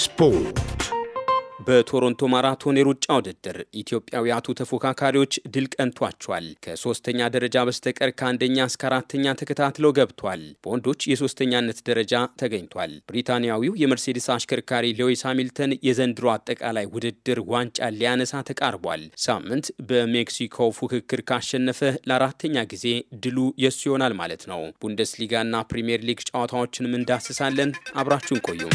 ስፖርት በቶሮንቶ ማራቶን የሩጫ ውድድር ኢትዮጵያውያቱ ተፎካካሪዎች ድል ቀንቷቸዋል። ከሶስተኛ ደረጃ በስተቀር ከአንደኛ እስከ አራተኛ ተከታትለው ገብቷል። በወንዶች የሶስተኛነት ደረጃ ተገኝቷል። ብሪታንያዊው የመርሴዲስ አሽከርካሪ ሌዊስ ሃሚልተን የዘንድሮ አጠቃላይ ውድድር ዋንጫ ሊያነሳ ተቃርቧል። ሳምንት በሜክሲኮ ፉክክር ካሸነፈ ለአራተኛ ጊዜ ድሉ የሱ ይሆናል ማለት ነው። ቡንደስሊጋና ፕሪምየር ሊግ ጨዋታዎችንም እንዳስሳለን። አብራችሁን ቆዩም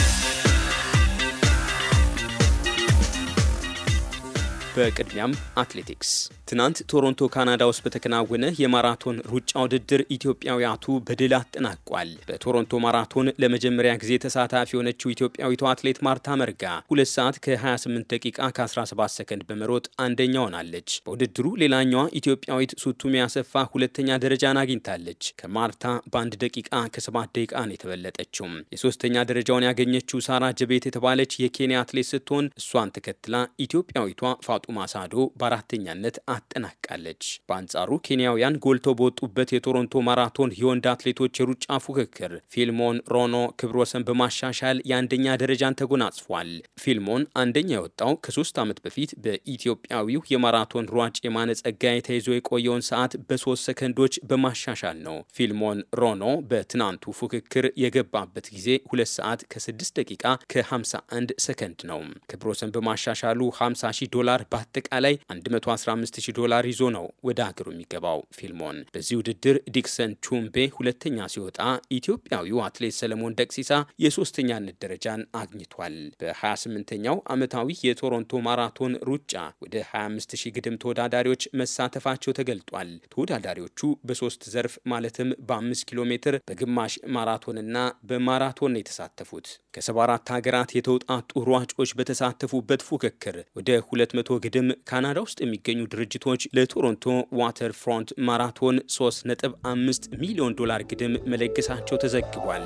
በቅድሚያም አትሌቲክስ ትናንት ቶሮንቶ ካናዳ ውስጥ በተከናወነ የማራቶን ሩጫ ውድድር ኢትዮጵያዊያቱ በድል አጠናቋል። በቶሮንቶ ማራቶን ለመጀመሪያ ጊዜ ተሳታፊ የሆነችው ኢትዮጵያዊቱ አትሌት ማርታ መርጋ ሁለት ሰዓት ከ28 ደቂቃ ከ17 ሰከንድ በመሮጥ አንደኛ ሆናለች። በውድድሩ ሌላኛዋ ኢትዮጵያዊት ሱቱሜ አሰፋ ሁለተኛ ደረጃን አግኝታለች። ከማርታ በአንድ ደቂቃ ከሰባት ደቂቃ ነው የተበለጠችውም። የሶስተኛ ደረጃውን ያገኘችው ሳራ ጀቤት የተባለች የኬንያ አትሌት ስትሆን እሷን ተከትላ ኢትዮጵያዊቷ ፋጡ ፋጡማ ማሳዶ በአራተኛነት አጠናቃለች። በአንጻሩ ኬንያውያን ጎልተው በወጡበት የቶሮንቶ ማራቶን የወንድ አትሌቶች የሩጫ ፉክክር ፊልሞን ሮኖ ወሰን በማሻሻል የአንደኛ ደረጃን ተጎናጽፏል። ፊልሞን አንደኛ የወጣው ከሶስት ዓመት በፊት በኢትዮጵያዊው የማራቶን ሯጭ የማነ ጸጋይ ተይዞ የቆየውን ሰዓት በሶስት ሰከንዶች በማሻሻል ነው። ፊልሞን ሮኖ በትናንቱ ፉክክር የገባበት ጊዜ ሁለት ሰዓት ከ6 ደቂቃ ከ51 ሰከንድ ነው። ክብረወሰን በማሻሻሉ 50 ሺህ ዶላር በአጠቃላይ 115000 ዶላር ይዞ ነው ወደ አገሩ የሚገባው። ፊልሞን በዚህ ውድድር ዲክሰን ቹምቤ ሁለተኛ ሲወጣ፣ ኢትዮጵያዊው አትሌት ሰለሞን ደቅሲሳ የሶስተኛነት ደረጃን አግኝቷል። በ28ኛው ዓመታዊ የቶሮንቶ ማራቶን ሩጫ ወደ 25000 ግድም ተወዳዳሪዎች መሳተፋቸው ተገልጧል። ተወዳዳሪዎቹ በሶስት ዘርፍ ማለትም በ5 ኪሎ ሜትር በግማሽ ማራቶንና በማራቶን ነው የተሳተፉት። ከ74 ሀገራት የተውጣጡ ሯጮች በተሳተፉበት ፉክክር ወደ 200 ግድም ካናዳ ውስጥ የሚገኙ ድርጅቶች ለቶሮንቶ ዋተር ፍሮንት ማራቶን 3.5 ሚሊዮን ዶላር ግድም መለገሳቸው ተዘግቧል።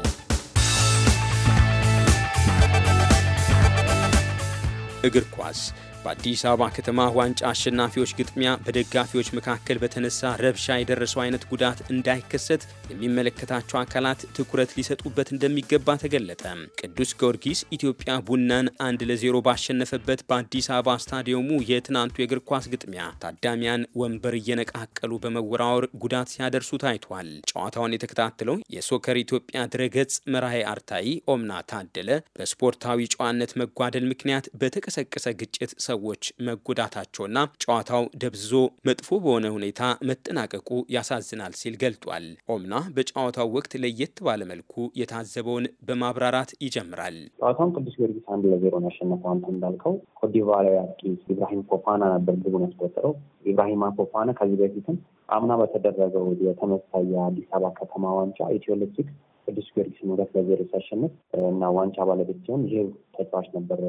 እግር ኳስ በአዲስ አበባ ከተማ ዋንጫ አሸናፊዎች ግጥሚያ በደጋፊዎች መካከል በተነሳ ረብሻ የደረሰው አይነት ጉዳት እንዳይከሰት የሚመለከታቸው አካላት ትኩረት ሊሰጡበት እንደሚገባ ተገለጠ። ቅዱስ ጊዮርጊስ ኢትዮጵያ ቡናን አንድ ለዜሮ ባሸነፈበት በአዲስ አበባ ስታዲየሙ የትናንቱ የእግር ኳስ ግጥሚያ ታዳሚያን ወንበር እየነቃቀሉ በመወራወር ጉዳት ሲያደርሱ ታይቷል። ጨዋታውን የተከታተለው የሶከር ኢትዮጵያ ድረገጽ መራሄ አርታይ ኦምና ታደለ በስፖርታዊ ጨዋነት መጓደል ምክንያት በተቀሰቀሰ ግጭት ሰዎች መጎዳታቸውና ጨዋታው ደብዝዞ መጥፎ በሆነ ሁኔታ መጠናቀቁ ያሳዝናል ሲል ገልጧል። ኦምና በጨዋታው ወቅት ለየት ባለ መልኩ የታዘበውን በማብራራት ይጀምራል። ጨዋታውን ቅዱስ ጊዮርጊስ አንድ ለዜሮ ነው ያሸነፈው። አንተ እንዳልከው ኮዲቫላዊ አጥቂ ኢብራሂም ፎፋና ነበር ግቡን ያስቆጠረው። ኢብራሂም ፎፋና ከዚህ በፊትም አምና በተደረገው የተመሳሳይ የአዲስ አበባ ከተማ ዋንጫ ኢትዮ ኤሌክትሪክ ቅዱስ ጊዮርጊስ ሁለት ለዜሮ ሲያሸንፍ እና ዋንጫ ባለቤት ሲሆን ይሄ ተጫዋች ነበር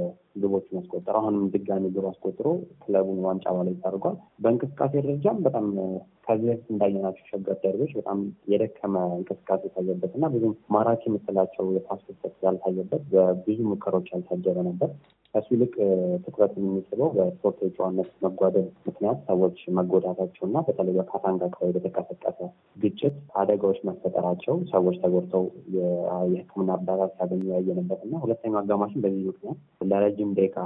ግቦቹን ያስቆጠረ። አሁንም ድጋሚ ግብ አስቆጥሮ ክለቡን ዋንጫ ባለቤት አድርጓል። በእንቅስቃሴ ደረጃም በጣም ከዚህ በፊት እንዳየናቸው ሸገር ደርቤዎች በጣም የደከመ እንቅስቃሴ የታየበት እና ብዙም ማራኪ የምትላቸው የፓስ ፍሰት ያልታየበት በብዙ ሙከራዎች ያልታጀበ ነበር። ከሱ ይልቅ ትኩረት የሚስበው በስፖርት ጨዋነት መጓደል ምክንያት ሰዎች መጎዳታቸው እና በተለይ በካታንጋ አካባቢ በተቀሰቀሰ ግጭት አደጋዎች መፈጠራቸው ሰዎች ተጎድተው የሕክምና እርዳታ ሲያገኙ ያየንበት እና ሁለተኛው አጋማሽን በዚህ ምክንያት ለረጅም ደቂቃ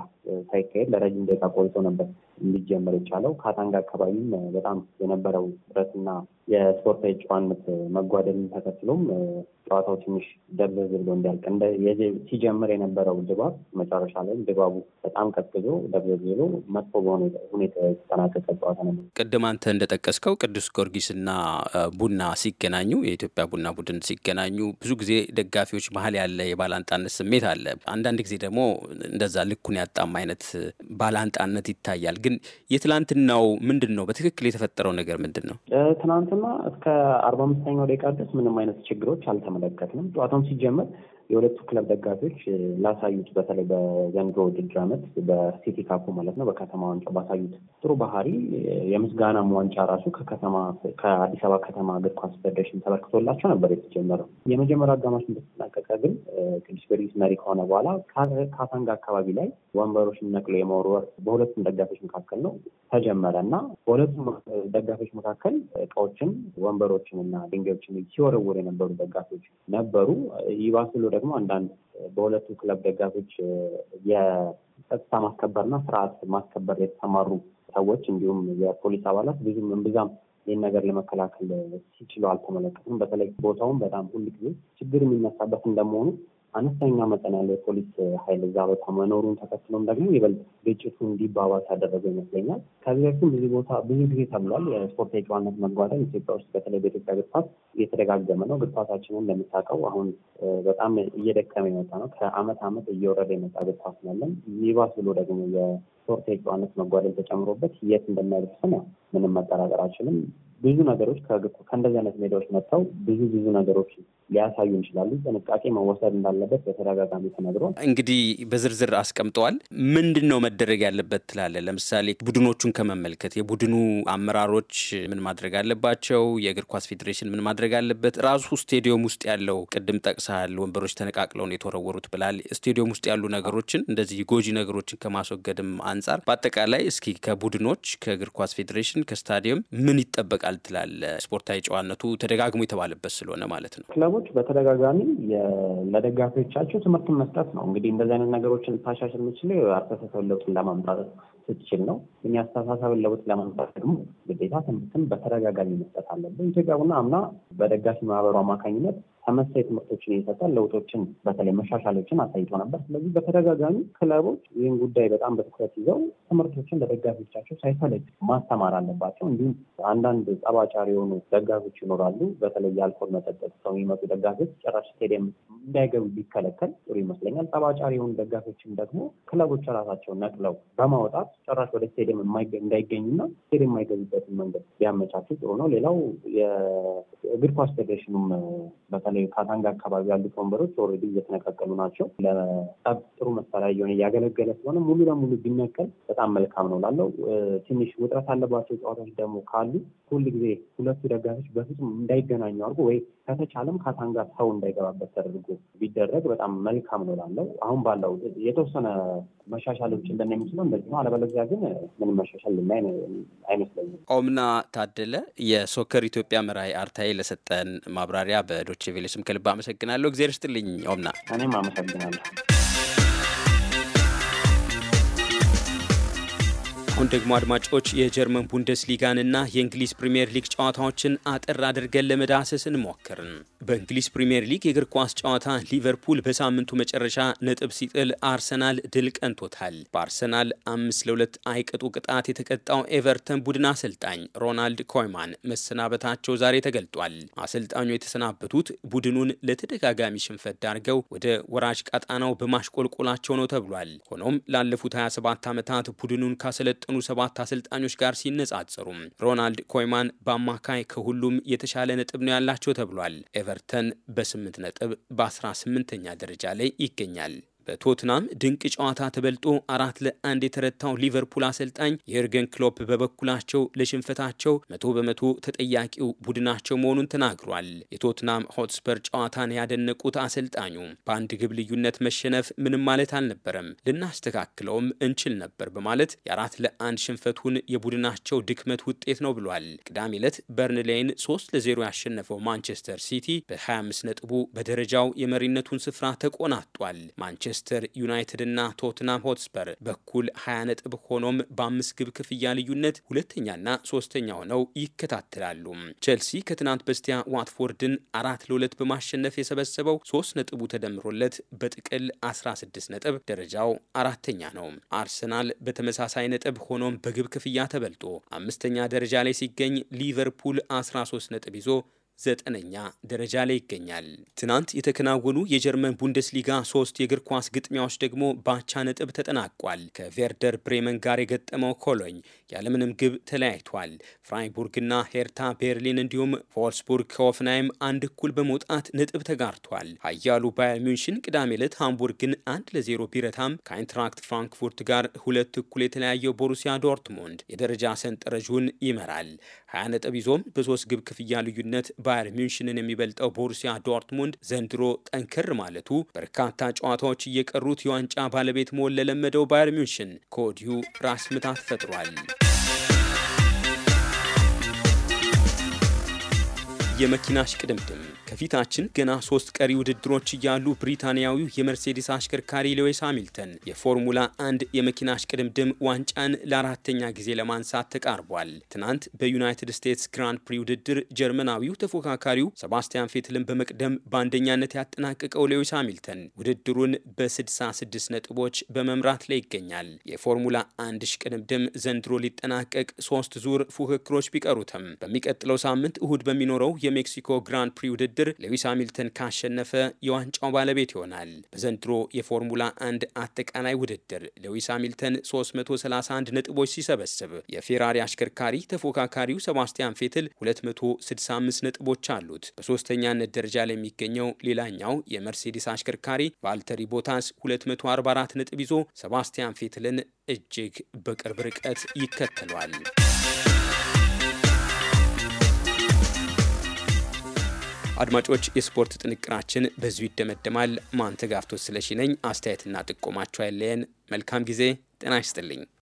ሳይካሄድ ለረጅም ደቂቃ ቆይቶ ነበር እንዲጀመር የቻለው። ካታንጋ አካባቢም በጣም የነበረው ጥረትና የስፖርታዊ ጨዋነት መጓደልን ተከትሎም ጨዋታው ትንሽ ደብዘዝ ብሎ እንዲያልቅ ሲጀምር የነበረው ድባብ መጨረሻ ላይ ድባቡ በጣም ቀዝቅዞ ደብዝ ብሎ መጥፎ በሆነ ሁኔታ የተጠናቀቀ ጨዋታ ነበር። ቅድም አንተ እንደጠቀስከው ቅዱስ ጊዮርጊስና ቡና ሲገናኙ የኢትዮጵያ ቡና ቡድን ሲገናኙ ብዙ ጊዜ ደጋፊዎች መሀል ያለ የባላንጣነት ስሜት አለ። አንዳንድ ጊዜ ደግሞ እንደዛ ልኩን ያጣ አይነት ባለአንጣነት ይታያል። ግን የትላንትናው ምንድን ነው? በትክክል የተፈጠረው ነገር ምንድን ነው? ትናንትና እስከ አርባ አምስተኛው ደቂቃ ድረስ ምንም አይነት ችግሮች አልተመለከትንም። ጨዋታውም ሲጀመር የሁለቱ ክለብ ደጋፊዎች ላሳዩት በተለይ በዘንድሮ ውድድር ዓመት በሲቲ ካፑ ማለት ነው በከተማ ዋንጫ ባሳዩት ጥሩ ባህሪ የምስጋናም ዋንጫ ራሱ ከከተማ ከአዲስ አበባ ከተማ እግር ኳስ ፌዴሬሽን ተበርክቶላቸው ነበር የተጀመረው። የመጀመሪያው አጋማሽ እንደተጠናቀቀ ግን ቅዱስ ጊዮርጊስ መሪ ከሆነ በኋላ ካሳንጋ አካባቢ ላይ ወንበሮችን ነቅሎ የመወርወር በሁለቱም ደጋፊዎች መካከል ነው ተጀመረ እና በሁለቱም ደጋፊዎች መካከል እቃዎችን፣ ወንበሮችን እና ድንጋዮችን ሲወረውር የነበሩ ደጋፊዎች ነበሩ ይባስሎ ደግሞ አንዳንድ በሁለቱ ክለብ ደጋፊዎች የጸጥታ ማስከበርና ስርዓት ማስከበር የተሰማሩ ሰዎች እንዲሁም የፖሊስ አባላት ብዙም እምብዛም ይህን ነገር ለመከላከል ሲችሉ አልተመለከትም። በተለይ ቦታውም በጣም ሁል ጊዜ ችግር የሚነሳበት እንደመሆኑ አነስተኛ መጠን ያለው የፖሊስ ኃይል እዛ ቦታ መኖሩን ተከትሎም ደግሞ ይበልጥ ግጭቱ እንዲባባስ ያደረገው ይመስለኛል። ከዚህ በፊትም ብዙ ቦታ ብዙ ጊዜ ተብሏል። የስፖርት የጨዋነት መጓደል ኢትዮጵያ ውስጥ በተለይ በኢትዮጵያ እግር ኳስ እየተደጋገመ ነው። እግር ኳሳችንን እንደምታውቀው አሁን በጣም እየደቀመ የመጣ ነው። ከአመት አመት እየወረደ የመጣ እግር ኳስ ያለን ይባስ ብሎ ደግሞ የስፖርት የጨዋነት መጓደል ተጨምሮበት የት እንደሚያደርሰን ምንም መጠራጠር አልችልም። ብዙ ነገሮች ከእንደዚህ አይነት ሜዳዎች መጥተው ብዙ ብዙ ነገሮች ሊያሳዩ ይችላሉ። ጥንቃቄ መወሰድ እንዳለበት በተደጋጋሚ ተነግሮ እንግዲህ በዝርዝር አስቀምጠዋል። ምንድን ነው መደረግ ያለበት ትላለ ለምሳሌ ቡድኖቹን ከመመልከት የቡድኑ አመራሮች ምን ማድረግ አለባቸው? የእግር ኳስ ፌዴሬሽን ምን ማድረግ አለበት? ራሱ ስቴዲየም ውስጥ ያለው ቅድም ጠቅሰሃል፣ ወንበሮች ተነቃቅለው ነው የተወረወሩት ብላል። ስቴዲየም ውስጥ ያሉ ነገሮችን እንደዚህ ጎጂ ነገሮችን ከማስወገድም አንጻር በአጠቃላይ እስኪ ከቡድኖች ከእግር ኳስ ፌዴሬሽን ከስታዲየም ምን ይጠበቃል? ይጠብቃል ትላለ? ስፖርታዊ ጨዋነቱ ተደጋግሞ የተባለበት ስለሆነ ማለት ነው። ክለቦች በተደጋጋሚ ለደጋፊዎቻቸው ትምህርትን መስጠት ነው። እንግዲህ እንደዚህ አይነት ነገሮችን ልታሻሽል የምችለው የአስተሳሰብ ለውጥን ለማምጣት ስትችል ነው። እኛ አስተሳሰብን ለውጥ ለማምጣት ደግሞ ግዴታ ትምህርትን በተደጋጋሚ መስጠት አለብን። ኢትዮጵያ ቡና አምና በደጋፊ ማህበሩ አማካኝነት ተመሳይ ትምህርቶችን እየሰጠ ለውጦችን በተለይ መሻሻሎችን አሳይቶ ነበር። ስለዚህ በተደጋጋሚ ክለቦች ይህን ጉዳይ በጣም በትኩረት ይዘው ትምህርቶችን ለደጋፊዎቻቸው ሳይፈለግ ማስተማር አለባቸው። እንዲሁም አንዳንድ ጸባጫሪ የሆኑ ደጋፊዎች ይኖራሉ። በተለይ የአልኮል መጠጠቅ ሰው የሚመጡ ደጋፊዎች ጭራሽ ስቴዲየም እንዳይገቡ ቢከለከል ጥሩ ይመስለኛል። ጸባጫሪ የሆኑ ደጋፊዎችም ደግሞ ክለቦች ራሳቸውን ነቅለው በማውጣት ጭራሽ ወደ ስቴዲየም እንዳይገኙና ስቴዲየም የማይገቡበትን መንገድ ሊያመቻቹ ጥሩ ነው። ሌላው የእግር ኳስ ፌዴሬሽኑም በተለይ ካታንጋ አካባቢ ያሉት ወንበሮች ኦልሬዲ እየተነቀቀሉ ናቸው። ለጠብ ጥሩ መሳሪያ እየሆነ እያገለገለ ስለሆነ ሙሉ ለሙሉ ቢነቀል በጣም መልካም ነው ላለው ትንሽ ውጥረት አለባቸው ጨዋታዎች ደግሞ ካሉ ሁል ጊዜ ሁለቱ ደጋፊዎች በፍጹም እንዳይገናኙ አድርጎ ወይ ከተቻለም ካሳንጋ ሰው እንዳይገባበት ተደርጎ ቢደረግ በጣም መልካም ነው ላለው አሁን ባለው የተወሰነ መሻሻሎች ልን የሚችለው እንደዚህ ነው። አለበለዚያ ግን ምንም መሻሻል ልናይ አይመስለኝም። ኦምና ታደለ የሶከር ኢትዮጵያ መራይ አርታይ ለሰጠን ማብራሪያ በዶቼ ቬሌ ስም ከልብ አመሰግናለሁ። እግዚአብሔር ይስጥልኝ ኦምና። እኔም አመሰግናለሁ። አሁን ደግሞ አድማጮች የጀርመን ቡንደስሊጋንና የእንግሊዝ ፕሪምየር ሊግ ጨዋታዎችን አጠር አድርገን ለመዳሰስ እንሞክርን። በእንግሊዝ ፕሪምየር ሊግ የእግር ኳስ ጨዋታ ሊቨርፑል በሳምንቱ መጨረሻ ነጥብ ሲጥል አርሰናል ድል ቀንቶታል። በአርሰናል አምስት ለሁለት አይቀጡ ቅጣት የተቀጣው ኤቨርተን ቡድን አሰልጣኝ ሮናልድ ኮይማን መሰናበታቸው ዛሬ ተገልጧል። አሰልጣኙ የተሰናበቱት ቡድኑን ለተደጋጋሚ ሽንፈት ዳርገው ወደ ወራጅ ቀጣናው በማሽቆልቆላቸው ነው ተብሏል። ሆኖም ላለፉት 27 ዓመታት ቡድኑን ካሰለጠ ከሰለጠኑ ሰባት አሰልጣኞች ጋር ሲነጻጸሩ ሮናልድ ኮይማን በአማካይ ከሁሉም የተሻለ ነጥብ ነው ያላቸው ተብሏል። ኤቨርተን በ8 ነጥብ በ18ኛ ደረጃ ላይ ይገኛል። በቶትናም ድንቅ ጨዋታ ተበልጦ አራት ለአንድ የተረታው ሊቨርፑል አሰልጣኝ የርገን ክሎፕ በበኩላቸው ለሽንፈታቸው መቶ በመቶ ተጠያቂው ቡድናቸው መሆኑን ተናግሯል። የቶትናም ሆትስፐር ጨዋታን ያደነቁት አሰልጣኙ በአንድ ግብ ልዩነት መሸነፍ ምንም ማለት አልነበረም፣ ልናስተካክለውም እንችል ነበር በማለት የአራት ለአንድ ሽንፈቱን የቡድናቸው ድክመት ውጤት ነው ብሏል። ቅዳሜ ዕለት በርንሌይን 3 ለ0 ያሸነፈው ማንቸስተር ሲቲ በ25 ነጥቡ በደረጃው የመሪነቱን ስፍራ ተቆናጧል። ማንቸስ ማንቸስተር ዩናይትድ እና ቶትናም ሆትስፐር በኩል 20 ነጥብ ሆኖም በአምስት ግብ ክፍያ ልዩነት ሁለተኛና ሶስተኛ ሆነው ይከታተላሉ። ቼልሲ ከትናንት በስቲያ ዋትፎርድን አራት ለሁለት በማሸነፍ የሰበሰበው ሶስት ነጥቡ ተደምሮለት በጥቅል 16 ነጥብ ደረጃው አራተኛ ነው። አርሰናል በተመሳሳይ ነጥብ ሆኖም በግብ ክፍያ ተበልጦ አምስተኛ ደረጃ ላይ ሲገኝ ሊቨርፑል 13 ነጥብ ይዞ ዘጠነኛ ደረጃ ላይ ይገኛል። ትናንት የተከናወኑ የጀርመን ቡንደስሊጋ ሶስት የእግር ኳስ ግጥሚያዎች ደግሞ ባቻ ነጥብ ተጠናቋል። ከቬርደር ብሬመን ጋር የገጠመው ኮሎኝ ያለምንም ግብ ተለያይቷል። ፍራይቡርግና ሄርታ ቤርሊን እንዲሁም ቮልስቡርግ ከሆፍንሃይም አንድ እኩል በመውጣት ነጥብ ተጋርቷል። ኃያሉ ባየር ሚንሽን ቅዳሜ ዕለት ሃምቡርግን አንድ ለዜሮ ቢረታም ከአይንትራክት ፍራንክፉርት ጋር ሁለት እኩል የተለያየው ቦሩሲያ ዶርትሞንድ የደረጃ ሰንጠረዡን ይመራል። ሀያ ነጥብ ይዞም በሶስት ግብ ክፍያ ልዩነት ባየር ሚንሽንን የሚበልጠው ቦሩሲያ ዶርትሙንድ ዘንድሮ ጠንከር ማለቱ በርካታ ጨዋታዎች እየቀሩት የዋንጫ ባለቤት መሆን ለለመደው ባየር ሚንሽን ከወዲሁ ራስ ምታት ፈጥሯል። የመኪና ሽቅድምድም ከፊታችን ገና ሶስት ቀሪ ውድድሮች እያሉ ብሪታንያዊው የመርሴዲስ አሽከርካሪ ሌዊስ ሃሚልተን የፎርሙላ አንድ የመኪና አሽቅድምድም ዋንጫን ለአራተኛ ጊዜ ለማንሳት ተቃርቧል። ትናንት በዩናይትድ ስቴትስ ግራንድ ፕሪ ውድድር ጀርመናዊው ተፎካካሪው ሰባስቲያን ፌትልን በመቅደም በአንደኛነት ያጠናቀቀው ሌዊስ ሃሚልተን ውድድሩን በ66 ነጥቦች በመምራት ላይ ይገኛል። የፎርሙላ አንድ ሽቅድምድም ዘንድሮ ሊጠናቀቅ ሶስት ዙር ፉክክሮች ቢቀሩትም በሚቀጥለው ሳምንት እሁድ በሚኖረው የሜክሲኮ ግራንድ ፕሪ ውድድር ውድድር ሌዊስ ሃሚልተን ካሸነፈ የዋንጫው ባለቤት ይሆናል። በዘንድሮ የፎርሙላ አንድ አጠቃላይ ውድድር ሌዊስ ሃሚልተን 331 ነጥቦች ሲሰበስብ የፌራሪ አሽከርካሪ ተፎካካሪው ሰባስቲያን ፌትል 265 ነጥቦች አሉት። በሶስተኛነት ደረጃ ላይ የሚገኘው ሌላኛው የመርሴዲስ አሽከርካሪ ቫልተሪ ቦታስ 244 ነጥብ ይዞ ሰባስቲያን ፌትልን እጅግ በቅርብ ርቀት ይከተሏል። አድማጮች፣ የስፖርት ጥንቅናችን በዚሁ ይደመደማል። ማንተጋፍቶ ስለሺ ነኝ። አስተያየትና ጥቆማችሁ አይለየን። መልካም ጊዜ። ጤና ይስጥልኝ።